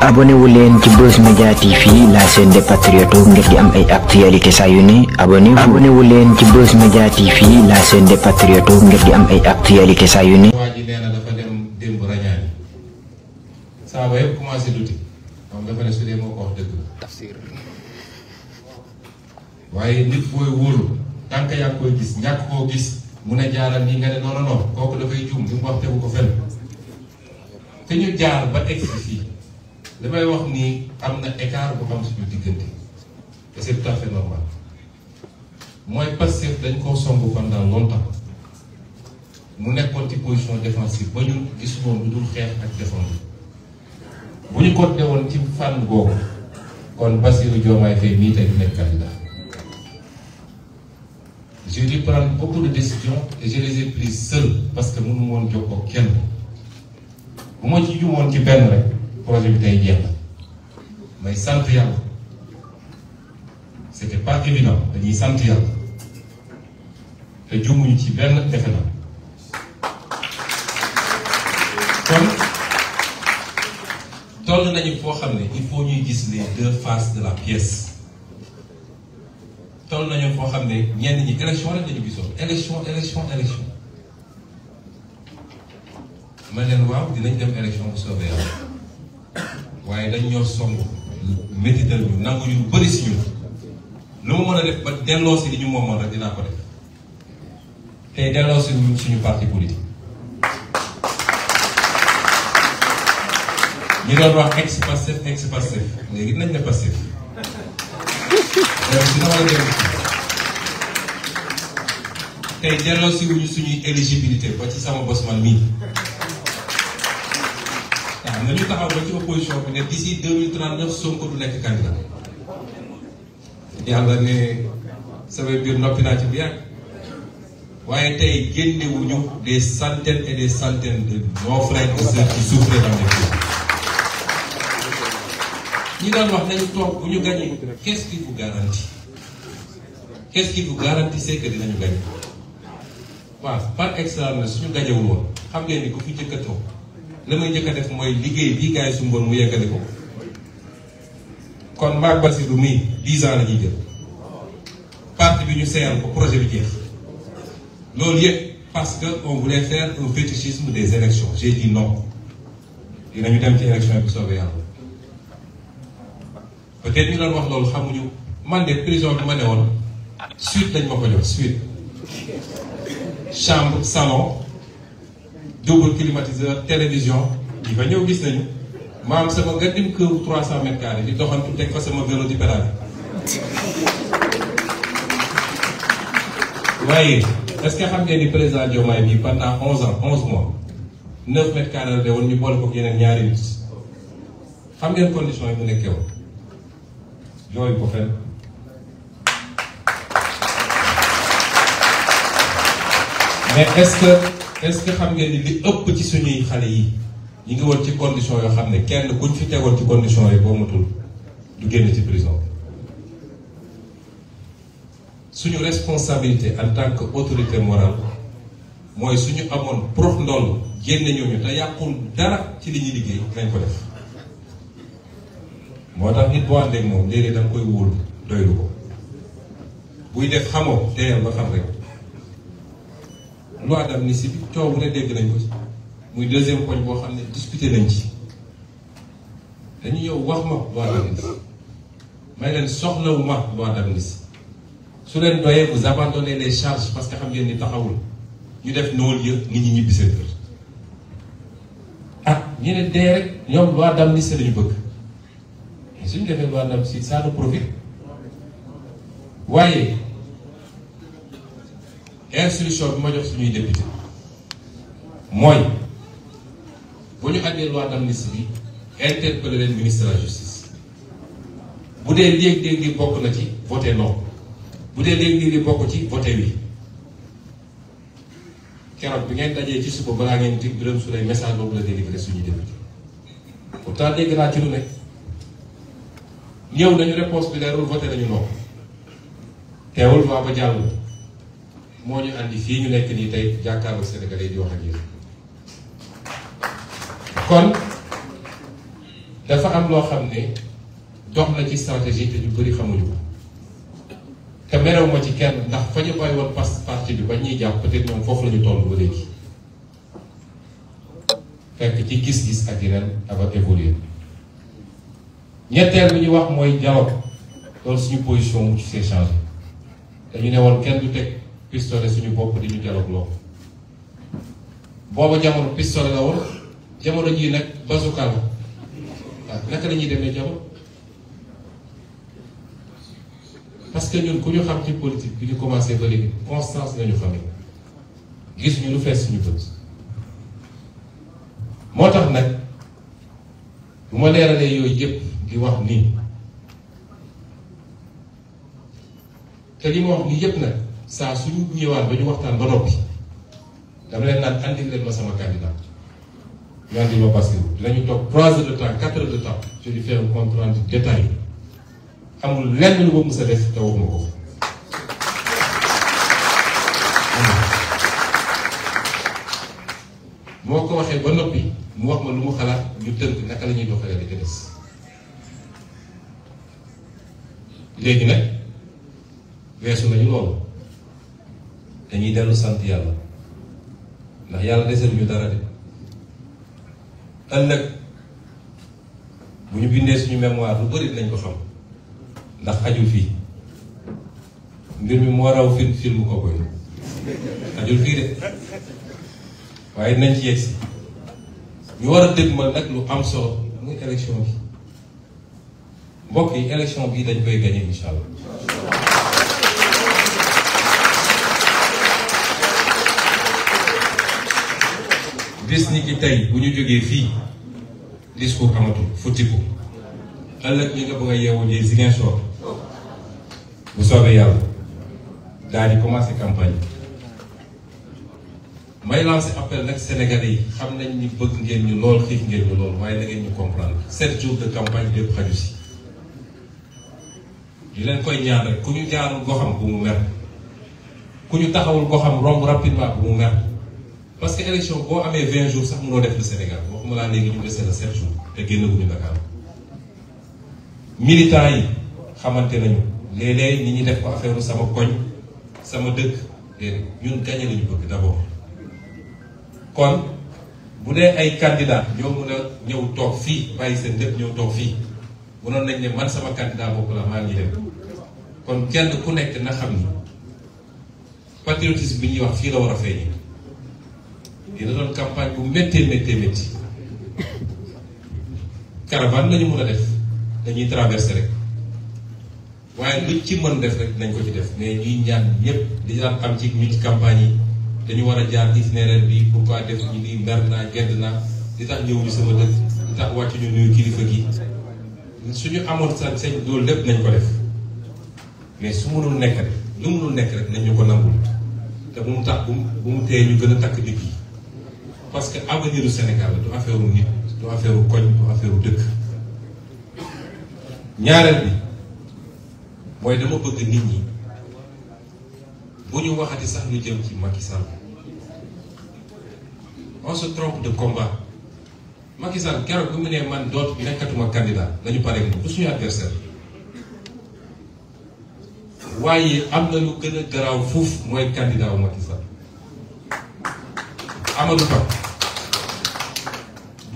abonné leen ci Buzz Media TV la chaîne des patriotes ngir di am ay actualité saa yu ne abonné wu. abonné leen ci Buzz Media TV la chaîne des patriotes ngir di am ay actualité saa yu ne. waa ji saa ba yëpp commencé duti moom dafa koo gis mun a jaaral nii nga ne non non kooku dafay juum li mu wax tegu ko fenn te ñu jaar ba egg fii. li may wax nii am na écart bu am suñu diggante et c'est normal mooy Pastef dañ koo somb pendant longtemps mu nekkoon ci position défensive ba ñun gisuloon lu dul xeex ak défendre bu ñu ko teewoon ci fànn googu kon Bassirou Diomaye Faye mii tey nekk candidat j'ai dû prendre de décisions et les ai prises seul parce que mënu woon jokkoo kenn bu ma ci ci benn rek. projet bi tey jeex na may sant yàlla c'était pas évident dañuy ci benn defe na kon toll nañu foo xam ne il faut gis les deux faces de la pièce toll nañu foo xam ne ñenn ñi élection rek lañu gisoon élection élection élection ma leen waaw dinañ dem élection waaye dañ ñoo song métital ñu nangu ñu bëri si ñun lu ma mën a def ba delloo si li ñu moomoon rek dinaa si ñun suñu parti politique ñu doon wax ex Pastef ex Pastef léegi dinañ ne Pastef tey si wuñu suñuy éligibilité ba ci sama bos man mii nga ñu taxaw ba ci opposition bi ne d'ici deux mille trente neuf Sonko du nekk candidat yàlla ne samay biir noppi naa ci bu yàgg waaye tey génnewuñu des centaines et des centaines de nos frères et sœurs qui souffrent ñi daan wax nañu toog bu ñu gagné qu'est-ce qui vous garantit qu'est-ce qui vous dinañu gagné waaw par excellence suñu gagné xam ngeen ni ku fi jëkk toog la may njëkk def mooy liggéey bii gars yi mu yeggale ko kon maag Basirou mii dix ans la ñuy jël parti bi ñu seeyal ko projet bi jeex loolu yëpp parce que on voulait faire un fétichisme des élections j'ai dit non dinañu dem ci élection yi bu soobee yàlla peut-être ñu wax loolu xamuñu man de prison bi ma ne woon suite lañ ma ko jox suite chambre salon double climatiseur télévision yi fa ñëw gis nañu maam sama gaddim këru 300 mètres carrés di doxantu teg fa sama vélo di pédale waaye est-ce que xam ngeen ni président Diomaye bi pendant 11 ans 11 mois 9 mètres carrés de woon ñu boole ko yeneen ñaari nit xam ngeen condition yi mu nekkee woon jooyu ko fenn mais est est-ce que xam ngeen ni li ëpp ci suñuy xale yi ñu ngi woon ci condition yoo xam ne kenn kuñ fi tegoon ci condition yooyu boo matul ci prison suñu responsabilité en tant que autorité morale mooy suñu amoon prox ndoll génne ñooñu te yàqul dara ci li ñuy liggéey nañ ko def moo tax nit boo àndeek moom léeg-léeg koy wóolu doylu ko buy def xamoo teyal ba xam rek loi d'amnistie bi coow bu ne dégg nañ muy deuxième poñ boo xam ne discuté nañ ci dañuy yow wax ma loi d'amnistie may leen soxlawu ma loi d'amnistie su leen doyee vous abandonnez les charges parce que xam ngeen ni taxawul ñu def non-lieu nit ñi ñibbi seen kër ah ñu ne dee rek ñoom loi d'amnistie lañu bëgg mais suñu defee loi d'amnistie ça nous profite waaye instruction bi ma jox suñuy député mooy bu ñu àndee loi d'amnistie bi interpellé leen ministre la justice bu dee léeg-léeg li bokk na ci voté non bu dee léeg-léeg li bokk ci voté oui keroog bi ngeen dajee ci suba balaa ngeen di Birame Souleye message boobu la délivré suñuy député pourtant dégg naa ci lu nekk ñëw dañu réponse bi leerul voté nañu non teewul waa ba jàll. moo ñu andi fii ñu nekk nii tey jàkkaarloo Sénégalais di wax ak yéen kon dafa am loo xam ne dox na ci stratégie te ñu bëri xamuñu ko te merew ma ci kenn ndax fa ñu bàyyi woon pas parti bi ba ñuy jàpp peut-être foofu la ñu toll ba léegi fekk ci gis-gis ak yeneen dafa évolué ñetteel bi ñu wax mooy dialogue loolu suñu position mu ci s'est changé dañu ne woon kenn du teg. pistolet suñu bopp di ñu jaloog loo booba jamono pistolet la woon jamono jii nag bazooka la waaw naka la ñuy jamono parce que ku ñu xam ci politique bi ñu commencé ba léegi constance nañu xam ne gis ñu lu fees suñu bët moo tax nag bu ma leeralee yooyu yëpp di wax nii te li ma wax nii yëpp nag saa suñu ñëwaat ba ñu waxtaan ba noppi dama leen naan andil leen ma sama candidat ñu andil ma parce que dinañu toog de temps quatre de temps je lui fais un amul lenn lu ma mës def te waxuma ko moo ko waxee ba noppi mu wax ma lu mu xalaat ñu tënk naka la ñuy doxalee di ko des léegi nag weesu nañu loolu dañuy dellu sant yàlla ndax yàlla desal ñu dara de ëllëg bu ñu bindee suñu mémoire lu bëri nañ ko xam ndax ajul fii mbir mi moo raw film film ko koy ajul fii de waaye dinañ ci yegg si ñu war a dëgmal nag lu am solo muy élection bi mbokk yi élection bii dañ koy gagné incha allah. bis ni ki tey bu ñu jógee fii discours amatul futtiku ëllëg ñu nga bëgg a yeewu ji Ziguinchor bu soobee yàlla daal di campagne may lancé appel nag Sénégalais yi xam nañ ni bëgg ngeen ñu lool xiif ngeen ñu lool waaye na ngeen ñu comprendre sept jours de campagne lépp xaju si di leen koy ñaan rek ku ñu jaarul goxam bu mu mer ku ñu taxawul goxam romb rapidement bu mu mer parce que élection boo amee 20 jours sax mënoo def le Sénégal waxuma laa léegi ñu dese la 7 jours te génnaguñu Dakar militants yi xamante nañu léeg-léeg ñi ñuy def ko affaire sama koñ sama dëkk déedéet ñun gagné la bëgg d'abord kon bu dee ay candidat ñoo mën a ñëw toog fii bàyyi seen dëkk ñëw toog fii mënoon nañ ne man sama candidat bopp la maa ngi dem kon kenn ku nekk na xam ni patriotisme bi ñuy wax fii la war a feeñee. na doon campagne bu méttee méttee métti caravane la ñu mën a def dañuy traversé rek waaye luñ ci mën def rek dinañ ko ci def mais ñuy ñaan ñëpp di daan am ci ñu ci campagne yi dañu war a jaar gis itinéraire bi pourquoi def ñu nii mer naa gedd naa di tax ñëw ñu sama dëkk di tax wàcc ñu nuyu kilifa gi suñu amoon sa sañ loolu lépp nañ ko def mais su mënul nekk rek lu mënul nekk rek nañ ñu ko nangul te bu mu tax bu mu bu mu tee ñu gën a takk nit yi parce que avenir u Sénégal la du affaire nit du affaire koñ du affaire dëkk ñaareel bi mooy dama bëgg nit ñi bu ñu waxati sax lu jëm ci Macky Sall on de combat Macky Sall bi mu ne man doot nekkatuma candidat dañu pare moom du suñu adversaire waaye am na lu gën a garaaw fuuf mooy candidat wu Macky Sall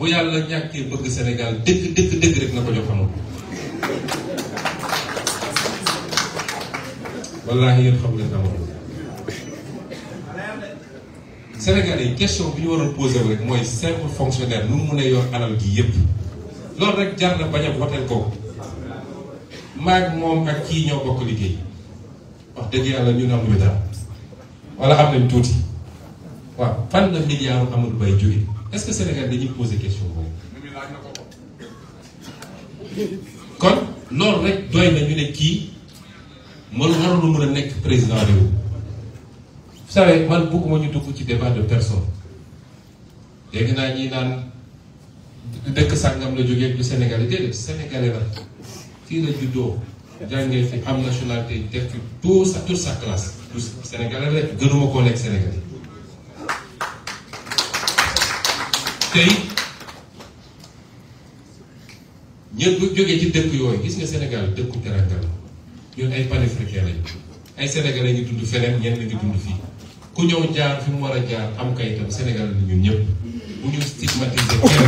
bu yàlla ñàkkee bëgg Sénégal dëgg dëgg dëgg rek na ko jox xamul wallaahi yéen xam ngeen dama Sénégal yi question bi ñu waroon posé rek mooy simple fonctionnaire nu mu mënee yor alal gi yépp loolu rek jar na bañ a woteel ko maag moom ak kii ñoo bokk liggéey wax dëgg yàlla ñun amuñu dara wala am nañ tuuti waaw fan la milliard amul bay jóge est-ce que Sénégal dañuy poser question boobu kon loolu rek doy na ñu kii man waroon mën a nekk président réew. vous savez man bëgguma ñu dugg ci débat de personne dégg naa ñi naan dëkk sàngam la jógee du Sénégal déedéet Sénégalais la fii la juddoo jàngee fi am nationalité def fi tout sa toute sa classe du Sénégalais rek gënuma koo nekk Sénégalais. këy ñëpp jógee ci dëkk yooyu gis nga Sénégal dëkku teranga la ay panafricain ay sénégalais ngi dund feneen ñenn ngi dund fii ku ñëw jaar fi mu war a jaar am kayitam Sénégal la ñun ñëpp bu ñu stigmatiser kenn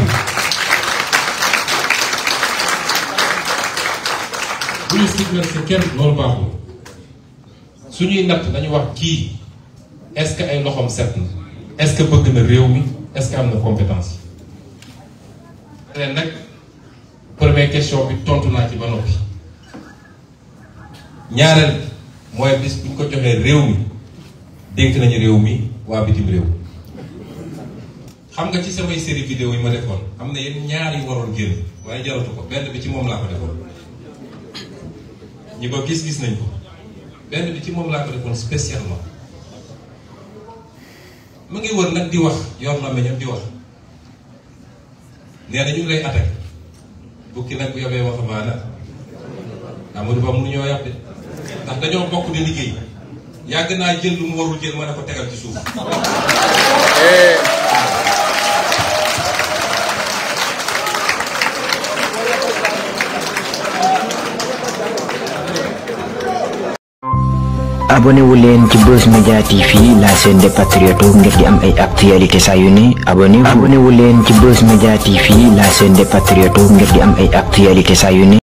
bu ñu stigmatiser kenn loolu baaxul suñuy natt dañu wax kii est-ce ay loxoom set na est bëgg na réew mi est-ce am na compétence yi leen nag première question bi tontu naa ci ba noppi ñaareel mooy bis bu ko joxee réew mi dénk nañu réew mi waa bitim réew xam nga ci samay série vidéo yi ma defoon am na yenn ñaari yu waroon génn waaye jaratu ko benn bi ci moom laa ko defoon ñi ko gis-gis nañ ko benn bi ci moom laa ko defoon spécialement mu ngi wër nag di wax yor la meñam di wax nee na ñu ngi lay attaqué bukki nag bu yobee waxambaana Amadou Ba mënu ñoo yàpp de ndax dañoo bokk liggéey yàgg naa jël lu mu warul jël mën a ko tegal suuf eh. abonné wu leen ci Buzz Media TV la chaîne des patriotes ngir di am ay actualité saa yu ne abonné abonné wu leen ci Buzz Media fii la chaîne des patriotes ngir di am ay actualité saa yu ne